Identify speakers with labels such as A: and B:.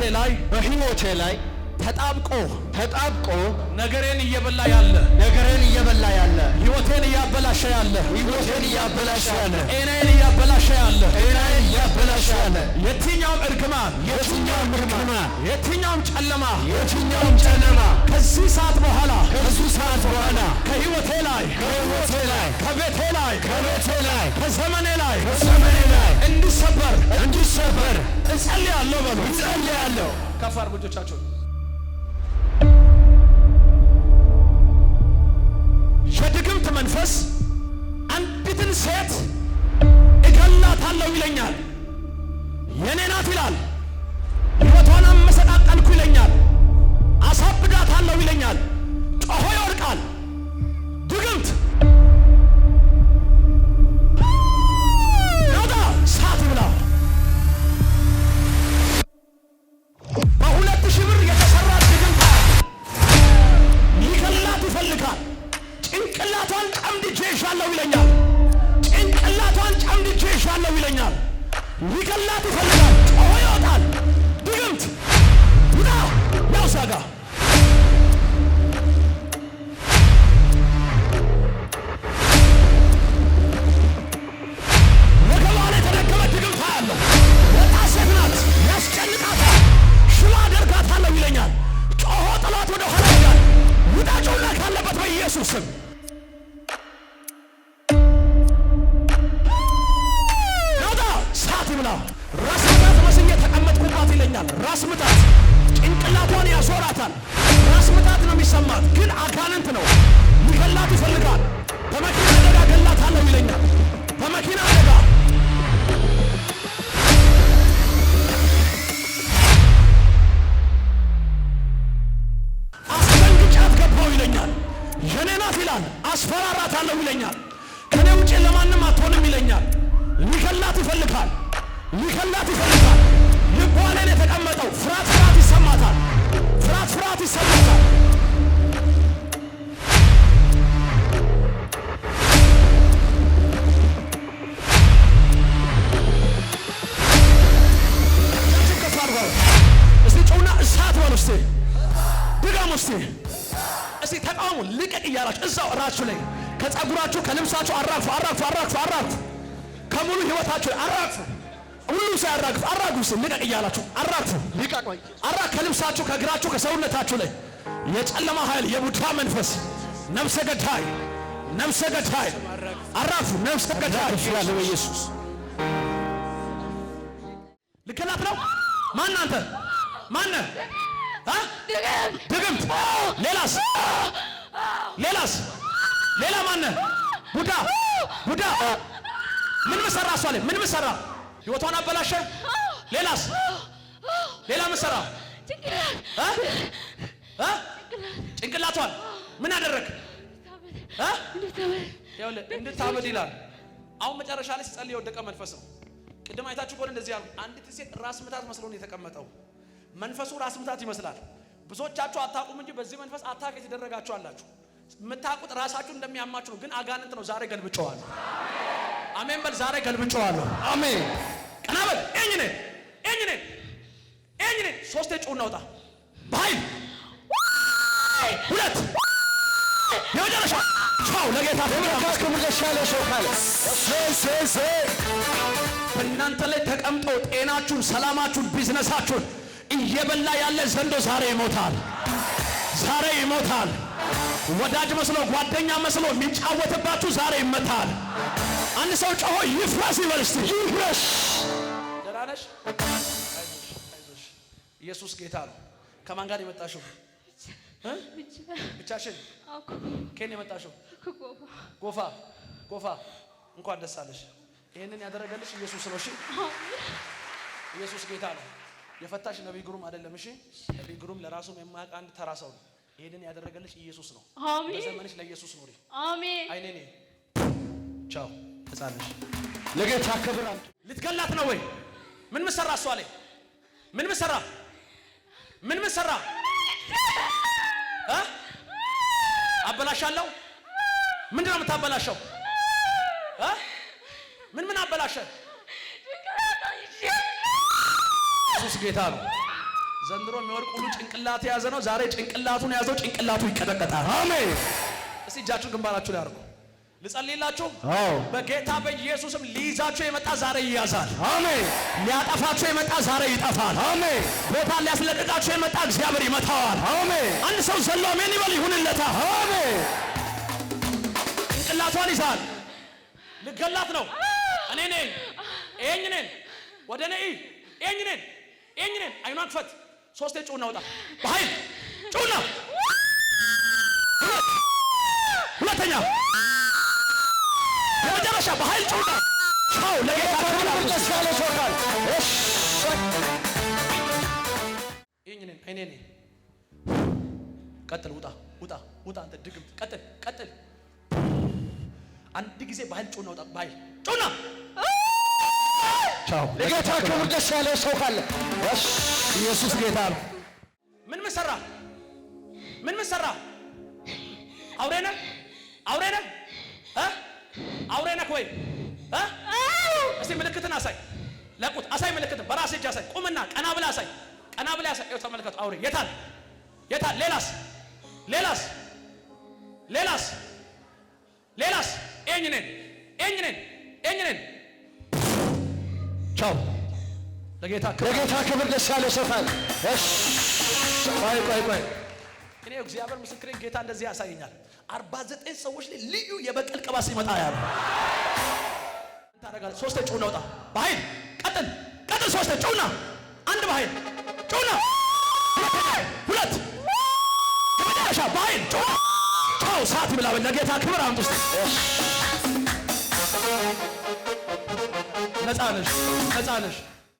A: በህይወቴ ላይ በህይወቴ ላይ ተጣብቆ ተጣብቆ ነገሬን እየበላ ያለ ነገሬን እየበላ ያለ ህይወቴን እያበላሸ ያለ ህይወቴን እያበላሸ ያለ ጤናዬን እያበላሸ ያለ ጤናዬን እያበላሸ ያለ የትኛውም እርግማን የትኛውም እርግማን የትኛውም ጨለማ የትኛውም ጨለማ ከዚህ ሰዓት በኋላ ከዚህ ሰዓት በኋላ ከህይወቴ ላይ ከህይወቴ ላይ ከቤቴ ላይ ከቤቴ ላይ ከዘመኔ ላይ ከዘመኔ ላይ እንዲሰበር እንዲሰበር እጸልያለሁ በሉ እጸልያለሁ። ከፍ አድርጉ እጆቻችሁን። የድግምት መንፈስ አንዲትን ሴት እገላታለሁ ይለኛል። የኔ ናት ይላል። ሕይወቷን አመሰቃቀልኩ ይለኛል። አሳብዳታለሁ ይለኛል። ጮሆ ይወድቃል። ራስ ምታት መስዬ ተቀመጥኩባት ይለኛል። ራስ ምታት ጭንቅላቷን ያዞራታል። ራስ ምታት ነው የሚሰማት፣ ግን አጋንንት ነው። ሊገላት ይፈልጋል። በመኪና አደጋ ገላታለሁ ይለኛል። በመኪና አደጋ አስፈንግጫት ገባው ይለኛል። የኔ ናት ይላል። አስፈራራታለሁ ይለኛል። ከኔ ውጭ ለማንም አትሆንም ይለኛል። ሊገላት ይፈልጋል። ሊከላት ይፈልጋል። ልቧ ላይ የተቀመጠው ፍርሃት ፍርሃት ይሰማታል። ፍርሃት ፍርሃት ይሰማታል። እስቲ ጨውና እሳት በሉ እስቲ ድጋሙ እስቲ እስቲ ተቃውሙ ልቀቅ እያላችሁ እዛው እራችሁ ላይ ከጸጉራችሁ ከልብሳችሁ አራግፉ አራግፉ አራግፉ አራግፉ ከሙሉ ህይወታችሁ ላይ አራግፉ። ሁሉም ሰው ያራግፍ። አራግፍ ስል ልቀቅ እያላችሁ አራት ልቀቅ፣ አራ ከልብሳችሁ ከእግራችሁ ከሰውነታችሁ ላይ የጨለማ ኃይል የቡዳ መንፈስ ነፍሰ ገዳይ ነፍሰ ገዳይ አራፉ ነፍሰ ገዳይ ይላል ኢየሱስ። ልክ ነው። ማን አንተ ማን አ ድግምት። ሌላስ ሌላስ ሌላ ማን ቡዳ ቡዳ ምን መሰራ እሷ ላይ ምን መሰራ ህይወቷን አበላሸው። ሌላስ ሌላ ምን ጭንቅላቷን ምን አደረግ? እንድታበድ ይላል። አሁን መጨረሻ ላይ ሲጸልይ የወደቀ መንፈስ ነው። ቅድም አይታችሁ ከሆነ እንደዚህ ያሉ አንዲት ሴት ራስ ምታት መስሎ ነው የተቀመጠው። መንፈሱ ራስ ምታት ይመስላል። ብዙዎቻችሁ አታውቁም እንጂ በዚህ መንፈስ አታክ የተደረጋችሁ አላችሁ። የምታውቁት ራሳችሁ እንደሚያማችሁ ነው። ግን አጋንንት ነው። ዛሬ ገልብጨዋለሁ። አሜን በል። ዛሬ ገልብጨዋለሁ። አሜን ቀናበል እኝነ እኝነ እኝነ ሶስቴ ጩኸት እናውጣ። በኃይል ሁለት የመጨረሻ ቻው ለጌታ በእናንተ ላይ ተቀምጦ ጤናችሁን፣ ሰላማችሁን፣ ቢዝነሳችሁን እየበላ ያለ ዘንዶ ዛሬ ይሞታል። ዛሬ ይሞታል። ወዳጅ መስሎ ጓደኛ መስሎ የሚጫወትባችሁ ዛሬ ይመታል። አንድ ሰው ጮሆ ይፍረስ ይበል እስቲ ይፍረስ። ደህና ነሽ? ኢየሱስ ጌታ ነው። ከማን ጋር የመጣሽው? ብቻሽን? ኬን የመጣሽው? ጎፋ ጎፋ። እንኳን ደስ አለሽ። ይህንን ያደረገልሽ ኢየሱስ ነው። እሺ፣ ኢየሱስ ጌታ ነው። የፈታሽ ነቢይ ግሩም አይደለም። እሺ፣ ነቢይ ግሩም ለራሱም የማያውቅ አንድ ተራ ሰው ነው። ይሄንን ያደረገልሽ ኢየሱስ ነው። አሜን። በዘመንሽ ለኢየሱስ ኑሪ። አሜን። አይኔኔ ቻው። ተጻለሽ ለጌታ ክብር አንተ ልትገላት ነው ወይ? ምን ምሰራ እሷ ላይ ምን ምሰራ ምን ምሰራ አበላሻለሁ። ምንድነው የምታበላሸው? ምን ምን አበላሸ?
B: ኢየሱስ
A: ጌታ ነው። ዘንድሮ የሚወድቅ ሁሉ ጭንቅላት የያዘ ነው። ዛሬ ጭንቅላቱን የያዘው ጭንቅላቱ ይቀጠቀጣል። አሜን። እስቲ እጃችሁ ግንባራችሁ ላይ አድርጉ። ልጸልይላችሁ። በጌታ በኢየሱስም ሊይዛችሁ የመጣ ዛሬ ይያዛል። አሜን። ሊያጠፋችሁ የመጣ ዛሬ ይጠፋል። አሜን። ቦታ ሊያስለቅቃችሁ የመጣ እግዚአብሔር ይመታዋል። አሜን። አንድ ሰው ዘሎ አሜን ይበል። ይሁንለታ። አሜን። ጭንቅላቷን ይዛል። ልገላት ነው። እኔ ነኝ። ይሄኝ ነኝ። ወደ እኔ ይሄኝ ነኝ። ይሄኝ ነኝ። አይኗን ክፈት ሶስቴ ጩና ወጣ በኃይል ጩና ሁለተኛ የመጨረሻ በኃይል ጩና ሻው ለጌታ ደስ እኔ ነኝ ቀጥል ውጣ ውጣ ውጣ አንተ ድግምት ቀጥል ቀጥል አንድ ጊዜ በኃይል ጩና ውጣ በኃይል ጩና ለጌታ ክብር ደስ ያለው ሰው ካለ ኢየሱስ ጌታ ነው። ምን ምን ምን ምን ሰራ? አውሬ ነህ፣ አውሬ ነህ፣ አውሬ ነህ ወይ? እስቲ ምልክትን አሳይ። ለቁት አሳይ፣ ምልክትን በራሴ እጅ አሳይ። ቁምና ቀና ብላ አሳይ፣ ቀና ብላ አሳይ። ይኸው ተመልከቱ፣ አውሬ የታል? የታል? ሌላስ? ሌላስ? ሌላስ? ሌላስ? ኤኝነን ኤኝነን ኤኝነን ቻው። ለጌታ ክብር ደስ ያለ ሰፋል። ቆይ ቆይ ቆይ እኔ እግዚአብሔር ምስክሬን ጌታ እንደዚህ ያሳየኛል። አርባ ዘጠኝ ሰዎች ላይ ልዩ የበቀል ቅባት ሲመጣ ያሉ ታረጋል። ሶስት ጩና ወጣ በኃይል ቀጥል ቀጥል። ሶስት ጩና አንድ በኃይል ጩና ሁለት ከመጨረሻ በኃይል ጩና ቻው። ሰዓት ይብላ። ለጌታ ክብር አምጡ። ነፃ ነሽ፣ ነፃ ነሽ።